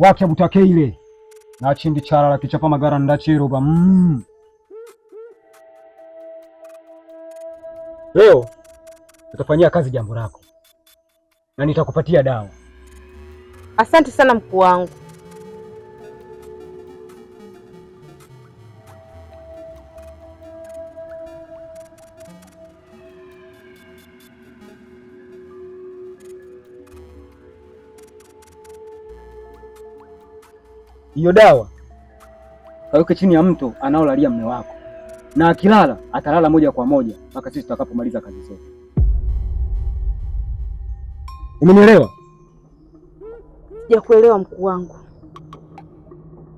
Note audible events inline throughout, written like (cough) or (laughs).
wakebutakeile nachindi chalala kichapa magara ndachiruba mm. Leo nitafanyia kazi jambo lako na nitakupatia dawa. Asante sana mkuu wangu. hiyo dawa kaweke chini ya mto anaolalia mme wako, na akilala atalala moja kwa moja mpaka sisi tutakapomaliza kazi zetu. Umenielewa? Sijakuelewa mkuu wangu.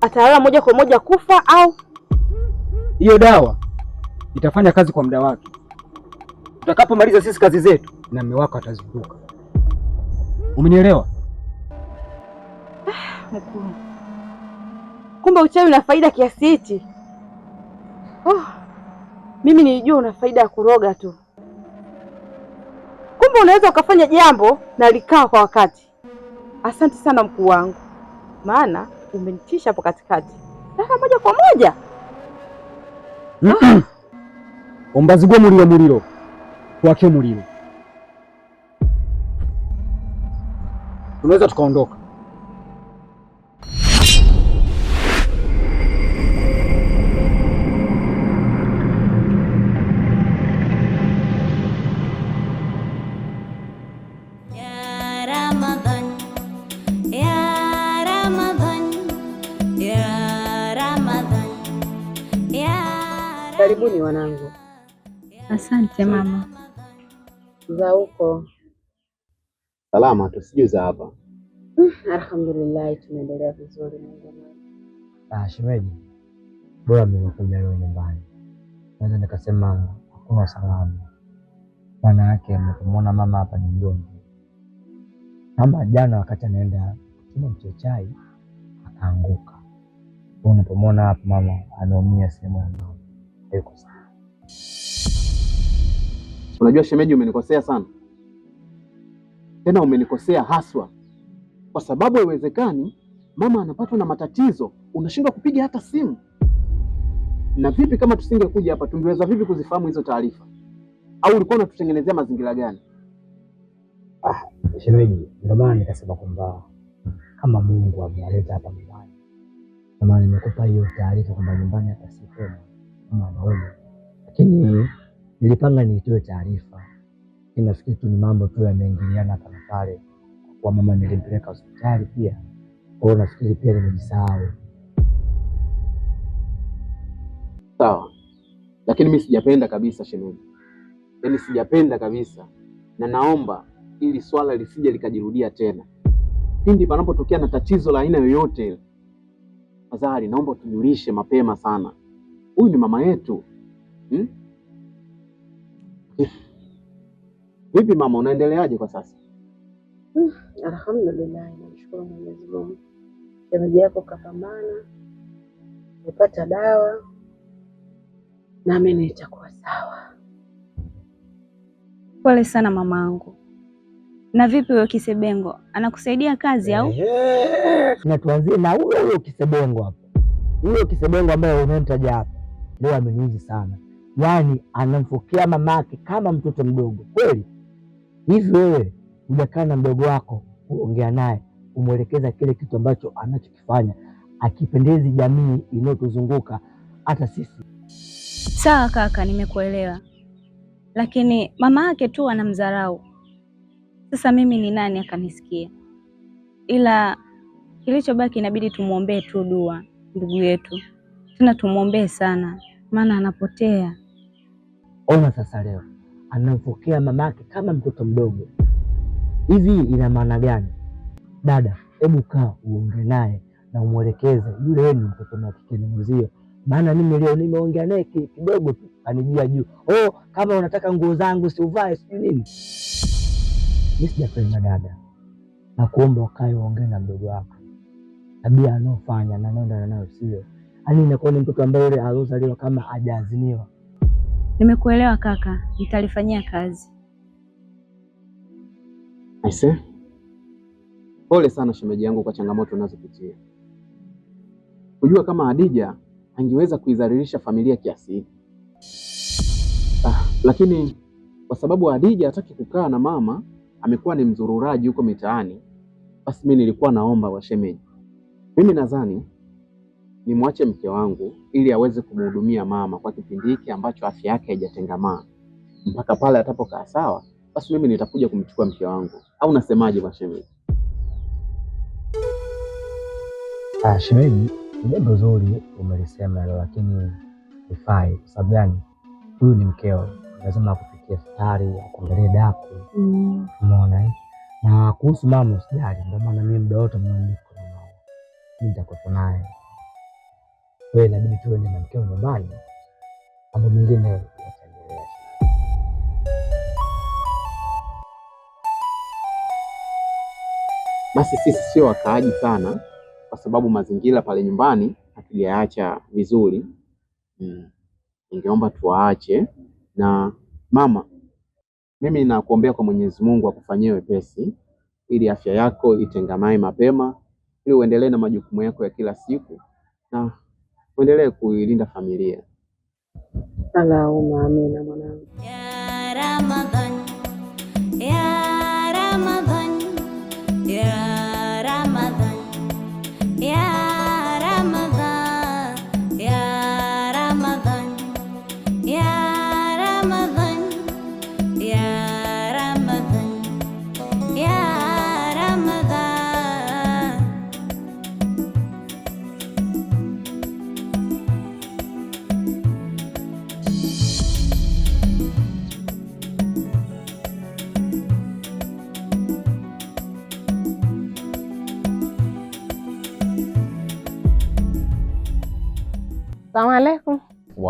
Atalala moja kwa moja kufa au hiyo dawa itafanya kazi kwa muda wake? Tutakapomaliza sisi kazi zetu, na mme wako atazunguka. Umenielewa? Ah, mkuu kumbe uchawi una faida kiasi hichi. Oh, mimi nilijua una faida ya kuroga tu, kumbe unaweza ukafanya jambo na likaa kwa wakati. Asante sana mkuu wangu, maana umenitisha hapo katikati aka moja kwa moja. ombazi mulilo mulilo muliro kwake muliro, tunaweza tukaondoka Karibuni wanangu. Asante mama. Za huko salama tu, sijui za hapa. Mm, alhamdulillahi tunaendelea vizuri. Ah, shemeji, bora nimekuja leo nyumbani, naweza nikasema hakuna salama. Maana yake nikamwona mama hapa ni mgonjwa, ama jana wakati anaenda kuchuma mchechai akaanguka. Unapomwona hapa mama anaumia sehemu ya nipeko sana. Unajua shemeji, umenikosea sana, tena umenikosea haswa, kwa sababu haiwezekani mama anapatwa na matatizo unashindwa kupiga hata simu. Na vipi kama tusingekuja hapa, tungeweza vipi kuzifahamu hizo taarifa? Au ulikuwa unatutengenezea mazingira gani? Ah, shemeji, ndio maana nikasema kwamba kama Mungu amewaleta hapa nyumbani, ndio maana nimekupa hiyo taarifa kwamba nyumbani hata mwanaume, lakini nilipanga nitoe taarifa. Nafikiri tu ni mambo tu yameingiliana kana pale, kwa mama nilimpeleka hospitali pia kwao, nafikiri pia nimejisahau. Sawa, lakini mi sijapenda kabisa shemeji, yaani sijapenda kabisa, na naomba ili swala lisije likajirudia tena. Pindi panapotokea na tatizo la aina yoyote, tafadhali naomba tujulishe mapema sana huyu ni mama yetu hmm? Vipi mama, unaendeleaje kwa sasa? Uh, alhamdulillah, namshukuru Mwenyezi Mungu. Shemeji yako kapambana, amepata dawa, na nami nitakuwa sawa. Pole sana angu. Na vipi huyo Kisebengo anakusaidia kazi au? Tunatuanzie na huyo huyo Kisebengo hapo, huyo Kisebengo ambaye unamtaja hapa leo ameniuzi sana, yaani anamfokea mama yake kama mtoto mdogo kweli. Hivi wewe hujakaa na mdogo wako kuongea naye, umwelekeza kile kitu ambacho anachokifanya akipendezi jamii inayotuzunguka hata sisi? Sawa kaka, nimekuelewa, lakini mama yake tu anamdharau. Sasa mimi ni nani akanisikia? Ila kilichobaki inabidi tumwombee tu dua ndugu yetu, tena tumwombee sana maana anapotea. Ona sasa, leo anampokea mamake kama mtoto mdogo hivi, ina maana gani? Dada, hebu kaa uongee naye na umwelekeze yule ni mtoto nakikenimuzio, maana mimi leo nimeongea naye kidogo tu anijia juu, oh, kama unataka nguo zangu siuvae, sijui nini. Mi sijapenda dada, nakuomba ukae uongee na mdogo wako, tabia anaofanya na nenda nayo sio Yaani inakuwa ni mtoto ambaye yule aliozaliwa kama hajaaziniwa. Nimekuelewa kaka, nitalifanyia kazi. Aise, pole sana shemeji yangu kwa changamoto unazopitia. Kujua kama Hadija angeweza kuidhalilisha familia kiasi hiki. Ah, lakini kwa sababu Hadija hataki kukaa na mama, amekuwa ni mzururaji huko mitaani, basi mimi nilikuwa naomba washemeji, mimi nadhani nimwache mke wangu ili aweze kumhudumia mama kwa kipindi hiki ambacho afya yake haijatengamaa. Mpaka pale atapokaa sawa, basi mimi nitakuja kumchukua mke wangu, au nasemaje bwana shemeji? Ah, shemeji, jambo zuri umelisema leo, lakini ifai. Kwa sababu gani? Huyu ni mkeo, lazima akupikie futari, akuangalie daku. Umeona? Eh? Na kuhusu mama usijali, ndio maana mimi muda wote nitakuwa naye wewe hiyo inabidi tuende na mkeo nyumbani, mambo mengine Basi sisi sio wakaaji sana, kwa sababu mazingira pale nyumbani hatujaacha vizuri. Mm. Ningeomba tuwaache na mama. Mimi nakuombea kwa Mwenyezi Mungu akufanyie wepesi, ili afya yako itengamae mapema, ili uendelee na majukumu yako ya kila siku na uendelee kuilinda familia. Allahumma amina mwanangu. Ya Ramadhani. Ya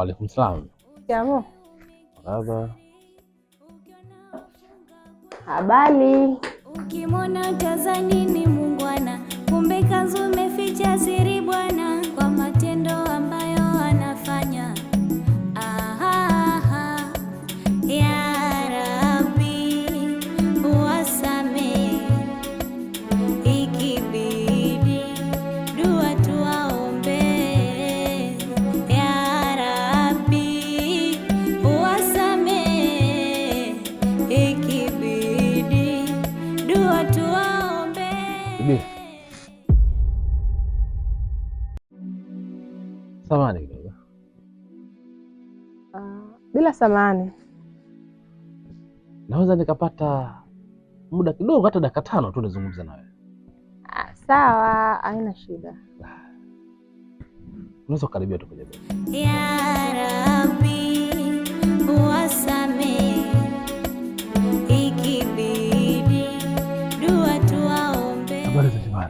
ওয়ালাইকুম salam কেমন baba habari Ukimona utazani ni mungwana kumbe kanzu umeficha siri bwana samani. Naweza nikapata muda kidogo, hata dakika tano tu nizungumze nawe? Ah, sawa, haina shida. Unaweza kukaribia tu kwenye Ya Rabbi wasame ikibidi dua Habari za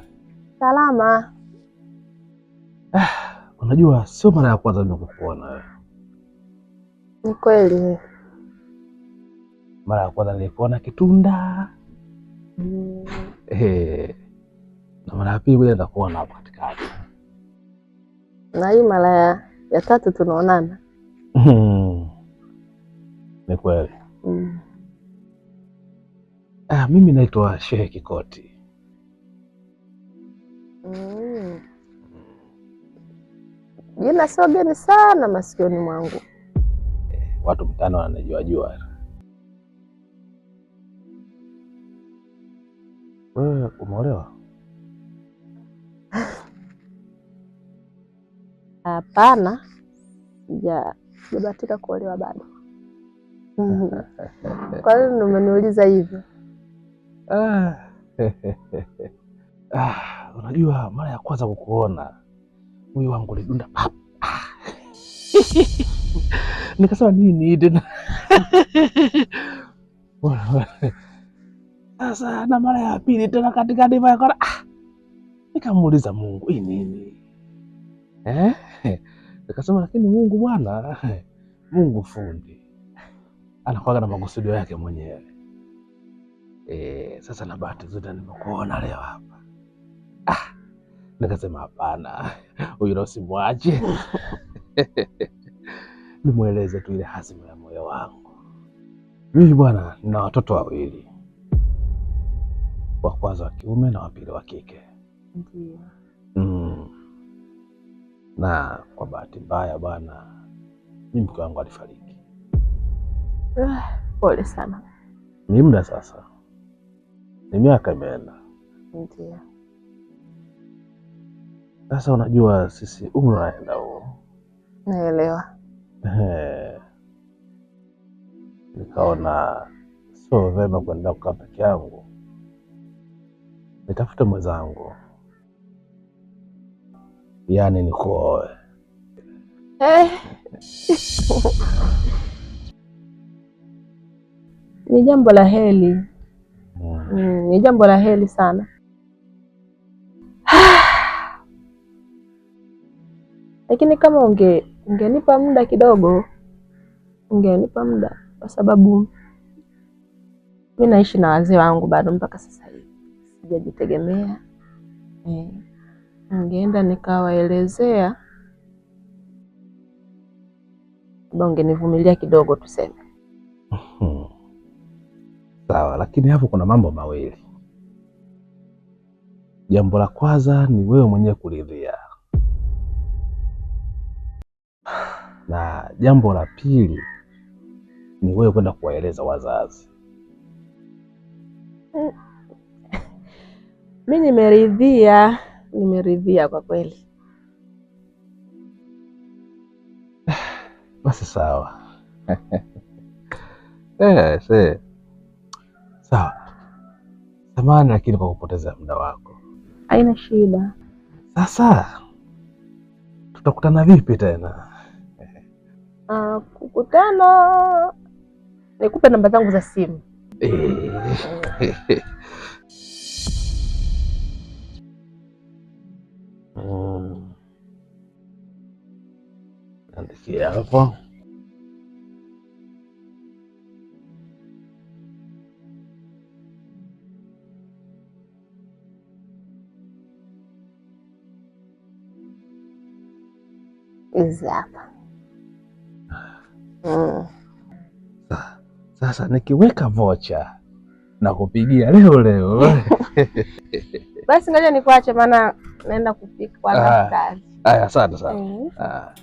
Salama. Ah, unajua sio mara ya kwanza nimekuona wewe ni kweli, mara ya kwanza nilikuona Kitunda mm. Hey. na mara ya pili kuja nitakuona hapo katikati, na hii mara ya tatu tunaonana. Hmm. Ni kweli mm. Ah, mimi naitwa Shehe Kikoti mm. Jina sio geni sana masikioni mwangu watu wanajua jua. Wewe umeolewa? Hapana, sijabahatika kuolewa bado. (laughs) Kwa hiyo ndio umeniuliza hivyo? Ah. (laughs) ah, unajua mara ya kwanza kukuona huyu wangu ulidunda (laughs) nikasema nini tena sasa, na mara ya pili tena katika diva ya ah, nikamuuliza Mungu hii nini eh? Nikasema lakini Mungu bwana, Mungu fundi anakuwaga na makusudio yake mwenyewe. eh. sasa na bahati zote nimekuona leo hapa ah, nikasema hapana, huyu rosi mwache (laughs) nimweleze tu ile hazima ya moyo wangu. Mimi bwana, nina watoto wawili, wa kwanza wa kiume na wa pili wa kike. Mm. Na kwa bahati mbaya bwana, ni mke wangu alifariki. Ah, pole sana. Ni muda sasa, ni miaka imeenda. Ndio. Sasa unajua sisi umri unaenda huo. Naelewa. Nikaona sio vema kuendelea kukaa peke yangu, nitafute mwenzangu, yaani nikuoe. Eh. (laughs) ni jambo la heli mm. mm. ni jambo la heli sana. (sighs) Lakini kama unge Ungenipa muda kidogo, ungenipa muda, kwa sababu mi naishi na wazee wangu bado mpaka sasa hivi sijajitegemea. E, eh, ungeenda nikawaelezea, labda ungenivumilia kidogo, tuseme mhm. sawa. Lakini hapo kuna mambo mawili. Jambo la kwanza ni wewe mwenyewe kuridhia na jambo la pili ni wewe kwenda kuwaeleza wazazi. (laughs) Mi nimeridhia, nimeridhia kwa kweli. (sighs) Basi sawa. (laughs) Eh, see. Sawa, samahani lakini kwa kupoteza muda wako. Haina shida. Sasa tutakutana vipi tena? Uh, kukutana nikupe namba zangu za simu. Mm. Eh. Andikia hapo. Hapa Sasa nikiweka vocha na kupigia leo leo (laughs) basi, ngoja nikuache, maana naenda kupika kwa ah, kazi. Haya, asante sana eh. ah.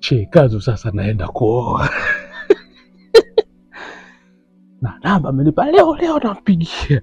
Shikazo, sasa naenda kuoa (laughs) na namba amenipa leo leo, nampigia.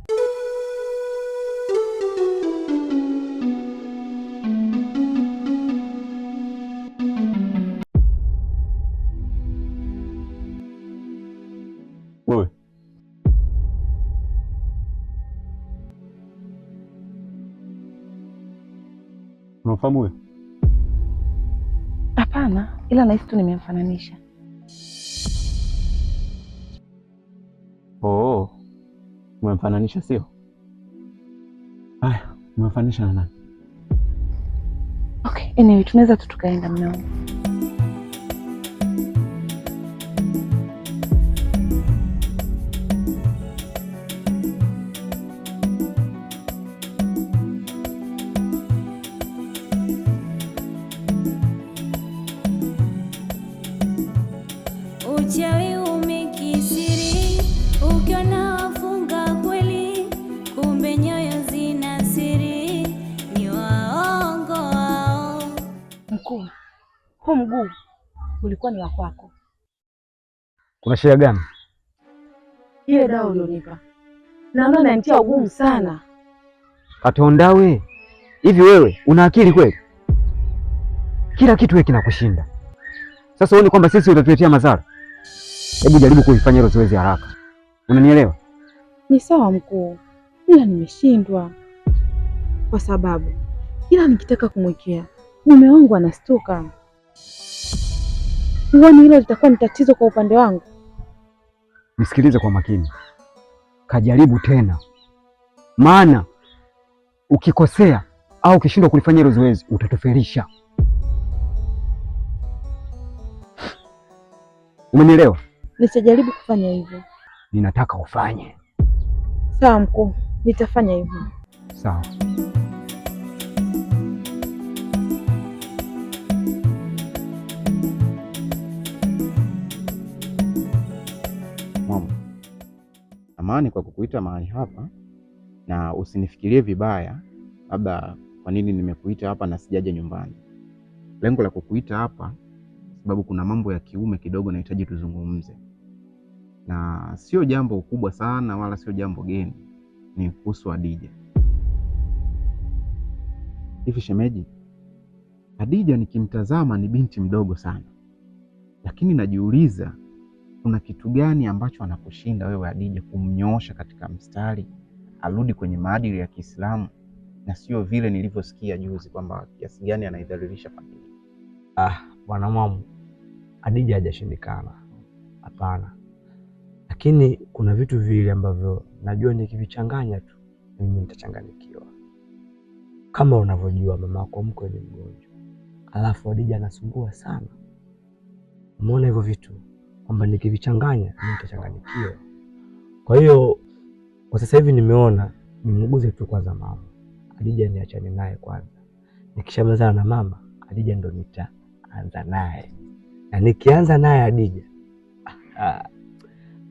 unamfahamu huyo? Hapana, ila nahisi tu nimemfananisha. Oh, umemfananisha sio? Haya, umemfananisha na nani? Okay, anyway tunaweza tu tukaenda mnao ulikuwa ni wa kwako. Kuna shida gani? Ile dawa ulionipa naona inanitia ugumu sana. Katondawe, hivi wewe una akili kweli? Kila kitu wewe kinakushinda. Sasa uone kwamba sisi utatuletea madhara. Hebu jaribu kuifanya hilo zoezi haraka, unanielewa? Ni sawa mkuu, ila nimeshindwa kwa sababu kila nikitaka kumwekea mume wangu anastuka. Huoni hilo litakuwa ni tatizo kwa upande wangu? Nisikilize kwa makini, kajaribu tena, maana ukikosea au ukishindwa kulifanya hilo zoezi utatufelisha. Umenielewa? Nisijaribu kufanya hivyo. Ninataka ufanye. Sawa mkuu, nitafanya hivyo. Sawa. samani kwa kukuita mahali hapa, na usinifikirie vibaya, labda kwa nini nimekuita hapa na sijaja nyumbani. Lengo la kukuita hapa sababu kuna mambo ya kiume kidogo nahitaji tuzungumze, na sio jambo kubwa sana wala sio jambo geni, ni kuhusu Adija. Hivi shemeji, Adija nikimtazama ni binti mdogo sana, lakini najiuliza kuna kitu gani ambacho anakushinda wewe Hadija kumnyoosha katika mstari arudi kwenye maadili ya Kiislamu na sio vile nilivyosikia juzi kwamba kiasi gani anaidhalilisha familia. Ah, bwana mwamu, Hadija hajashindikana, hapana, lakini kuna vitu viwili ambavyo najua nikivichanganya tu mimi nitachanganyikiwa. Kama unavyojua mamako mkwe ni mgonjwa, alafu Hadija anasumbua sana. Umeona hivyo vitu kwamba nikivichanganya nitachanganyikiwa. Kwa hiyo kwa sasa hivi nimeona nimuguze tu kwanza mama Khadija, niachane naye kwanza. Nikishamalizana na mama adija ndo nitaanza naye, na nikianza naye adija ah, ah,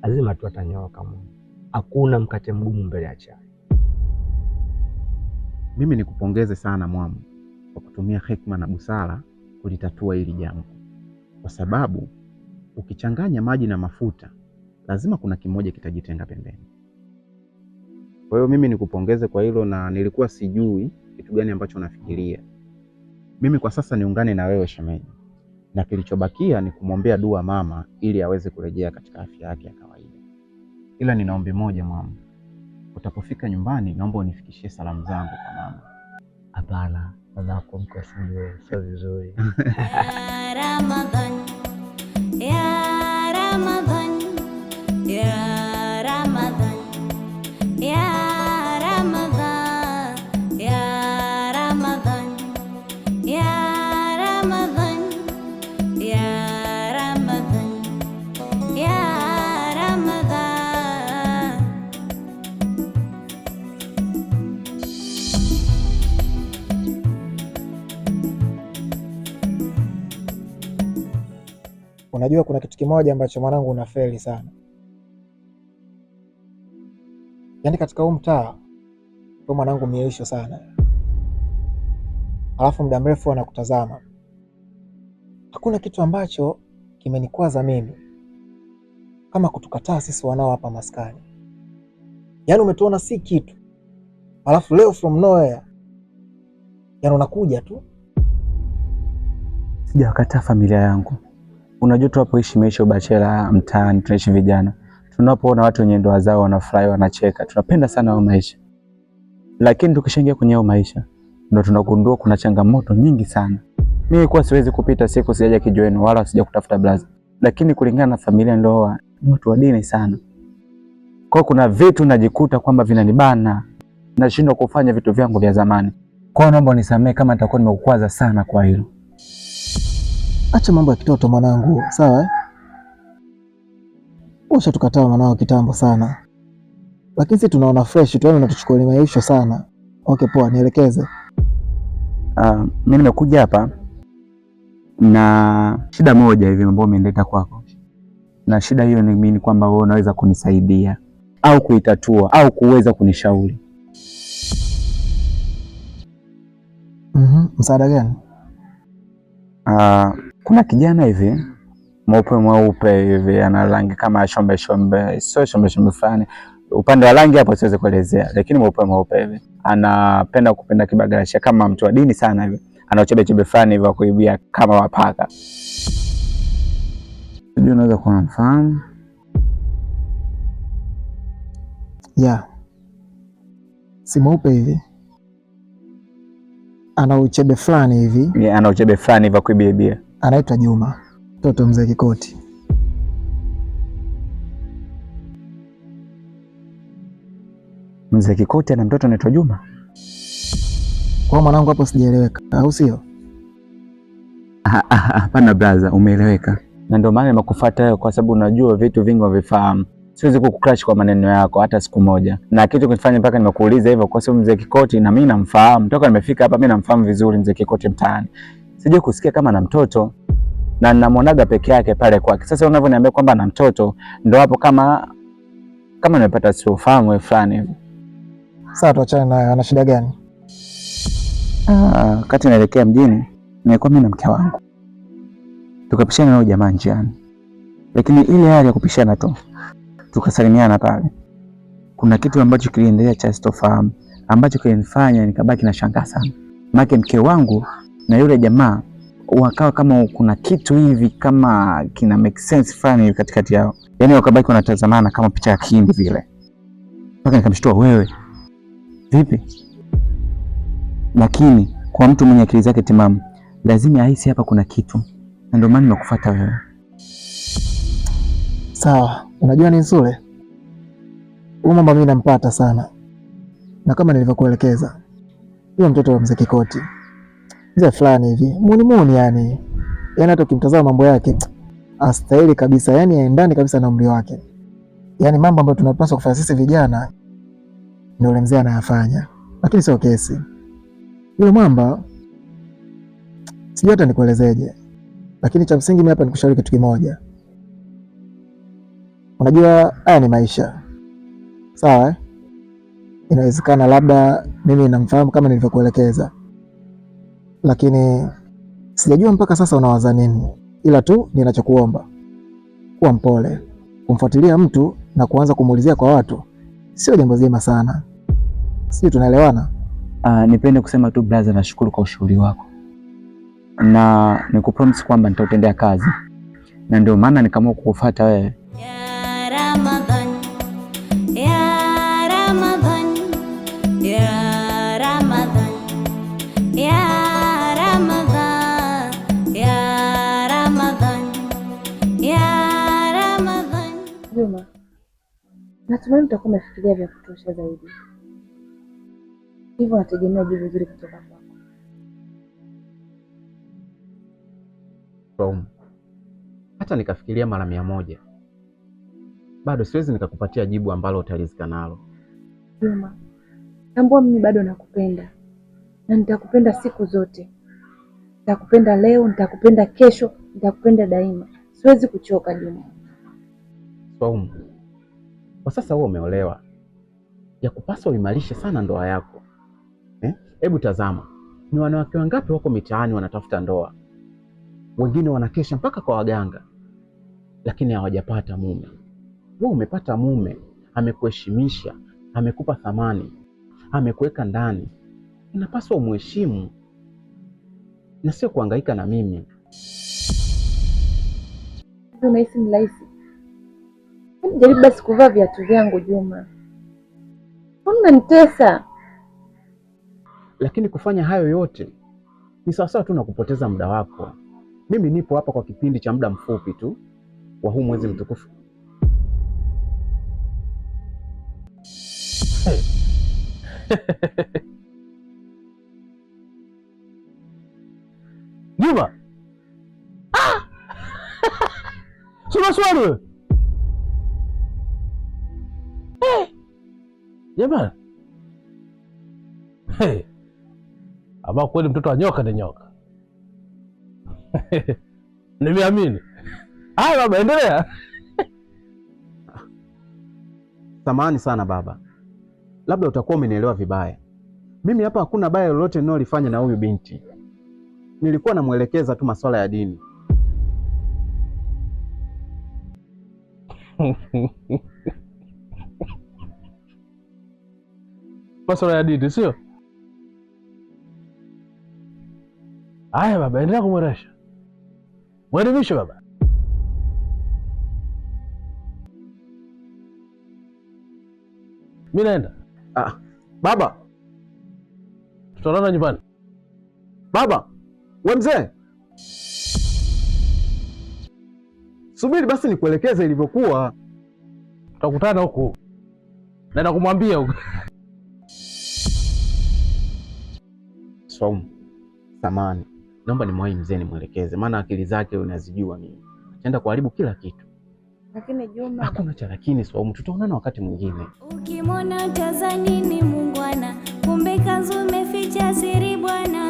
lazima tu atanyooka. Mungu, hakuna mkate mgumu mbele ya chai. Mimi nikupongeze sana Mwamu kwa kutumia hekima na busara kulitatua hili jambo, kwa sababu ukichanganya maji na mafuta lazima kuna kimoja kitajitenga pembeni. Kwa hiyo mimi nikupongeze kwa hilo, na nilikuwa sijui kitu gani ambacho unafikiria. Mimi kwa sasa niungane na wewe shemeji, na kilichobakia ni kumwombea dua mama ili aweze kurejea katika afya yake ya kawaida. Ila nina ombi moja mama, utapofika nyumbani naomba unifikishie salamu zangu kwa mama. Hapana, mama yako mko, sio vizuri. (laughs) Ramadhani Yeah, Ramadan, Ya Unajua kuna kitu kimoja ambacho mwanangu unafeli sana, yaani katika huu mtaa o, mwanangu mieisho sana, alafu muda mrefu anakutazama. Hakuna kitu ambacho kimenikwaza mimi kama kutukataa sisi wanao hapa maskani. Yaani umetuona si kitu, alafu leo from nowhere, yaani unakuja tu. Sijawakataa familia yangu unajua tunapoishi maisha bachela mtaani, tunaishi vijana, tunapoona watu wenye ndoa zao wanafurahi, wanacheka, tunapenda sana hayo maisha, lakini tukishaingia kwenye hayo maisha ndo tunagundua kuna changamoto nyingi sana. Mimi kwa siwezi kupita siku sijaja kijiweni wala sija kutafuta blaza, lakini kulingana na familia, ndoa ni watu wa dini sana, kwa kuna vitu najikuta kwamba vinanibana, nashindwa kufanya vitu vyangu vya zamani. Kwa naomba unisamehe kama nitakuwa nimekukwaza sana kwa hilo acha mambo ya kitoto mwanangu, sawa eh? tukataa mwanao kitambo sana, lakini sisi tunaona fresh tu, yaani unatuchukua ni maisha sana. Okay, poa, nielekeze. Uh, mimi nimekuja hapa na shida moja hivi ambayo umenileta kwako, na shida hiyo ni mimi kwamba wewe unaweza kunisaidia au kuitatua au kuweza kunishauri. mm -hmm. Msaada gani? Uh, kuna kijana hivi mweupe mweupe hivi ana rangi kama shombe shombe, sio shombe shombe fulani upande wa rangi hapo siwezi kuelezea, lakini mweupe mweupe hivi anapenda kupenda kibagarasha kama mtu wa dini sana hivi, ana chebe fulani hivi wa kuibia kama wapaka. Sijui unaweza kuwa mfahamu ya si mweupe hivi ana uchebe fulani hivi ana uchebe fulani hivi wa kuibia bia anaitwa Juma, mtoto mzee Kikoti. Mzee Kikoti ana mtoto anaitwa Juma? Kwa mwanangu, hapo sijaeleweka, au sio? Ah, ah, ah, hapana braza, umeeleweka na ndio maana nimekufuata wewe, kwa sababu unajua vitu vingi unavifahamu. Siwezi kukukrash kwa maneno yako hata siku moja, na kitu kinifanya mpaka nimekuuliza hivyo kwa sababu mzee Kikoti na mimi namfahamu toka nimefika hapa, mimi namfahamu vizuri mzee Kikoti mtaani sije kusikia kama na mtoto na namwonaga peke yake pale kwake. Sasa unavyoniambia kwamba na mtoto, ndo hapo kama kama nimepata siufahamu fulani hivi. Sasa tuachane nayo, ana shida gani? Ah, kati naelekea mjini, nilikuwa mimi na mke wangu tukapishana nao jamaa njiani, lakini ile hali ya kupishana tu tukasalimiana pale, kuna kitu ambacho kiliendelea cha sitofahamu ambacho kilinifanya nikabaki na shangaa sana, make mke wangu na yule jamaa wakawa kama kuna kitu hivi kama kina make sense fulani hivi katikati yao, yani wakabaki wanatazamana kama picha ya kihindi vile, mpaka nikamshtua, wewe vipi? Lakini kwa mtu mwenye akili zake timamu lazima ahisi hapa kuna kitu, na ndio maana nimekufuata wewe. Sawa, unajua ni Sule, huyu mambo mimi nampata sana, na kama nilivyokuelekeza, huyo mtoto wa mzee Kikoti mzee fulani hivi muni muni, yani yani hata ukimtazama mambo yake astahili kabisa, yani aendani kabisa na umri wake. Yani mambo ambayo tunapaswa kufanya sisi vijana ndio yule mzee anayafanya, lakini sio kesi. Yule mwamba sijui hata nikuelezeje, lakini cha msingi mimi hapa nikushauri kitu kimoja. Unajua haya ni maisha, sawa eh? Inawezekana labda mimi namfahamu kama nilivyokuelekeza lakini sijajua mpaka sasa unawaza nini, ila tu ninachokuomba kuwa mpole. Kumfuatilia mtu na kuanza kumuulizia kwa watu sio jambo zima sana, sijui tunaelewana? Uh, nipende kusema tu brother, nashukuru kwa ushauri wako na nikupromise kwamba nitautendea kazi, na ndio maana nikaamua kukufuata wewe. Natumai mtakuwa umefikiria vya kutosha zaidi, hivyo nategemea jibu zuri kutoka kwako. hata nikafikiria mara mia moja bado siwezi nikakupatia jibu ambalo utalizika nalo. Juma, tambua mimi bado nakupenda na nitakupenda siku zote. Nitakupenda leo, nitakupenda kesho, nitakupenda daima. Siwezi kuchoka Juma. Saumu, kwa sasa wewe umeolewa, ya kupaswa uimarishe sana ndoa yako. Eh? Hebu eh, tazama ni wanawake wangapi wako mitaani wanatafuta ndoa, wengine wanakesha mpaka kwa waganga, lakini hawajapata mume. Wewe umepata mume, amekuheshimisha, amekupa thamani, amekuweka ndani, inapaswa umheshimu na sio kuhangaika na mimi. Unahisi mlaisi Jaribu basi kuvaa viatu vyangu Juma, unanitesa. Lakini kufanya hayo yote ni sawasawa tu na kupoteza muda wako. Mimi nipo hapa kwa kipindi cha muda mfupi tu wa huu mwezi mtukufu. Juma, ah! (laughs) Sina swali wewe jamani. Hey, ama kweli mtoto wa nyoka ni nyoka. (laughs) Nimeamini. aya baba, endelea. (laughs) Samahani sana baba, labda utakuwa umenielewa vibaya. Mimi hapa hakuna baya lolote ninalofanya na huyu binti, nilikuwa namwelekeza tu masuala ya dini. (laughs) Maswala ya dini sio aya Baba, endelea kumweresha, mwelimishe baba. Mi naenda ah. Baba, tutaonana nyumbani baba. We mzee, subiri basi nikuelekeze ilivyokuwa, tutakutana huku, naenda kumwambia huko. Swaumu, samani, naomba nimwahi mzee nimwelekeze, maana akili zake unazijua, mimi ataenda kuharibu kila kitu. Lakini Juma, hakuna cha lakini. Swaumu, tutaonana wakati mwingine. Ukimwona tazanini mungwana, kumbe kazi umeficha siri bwana.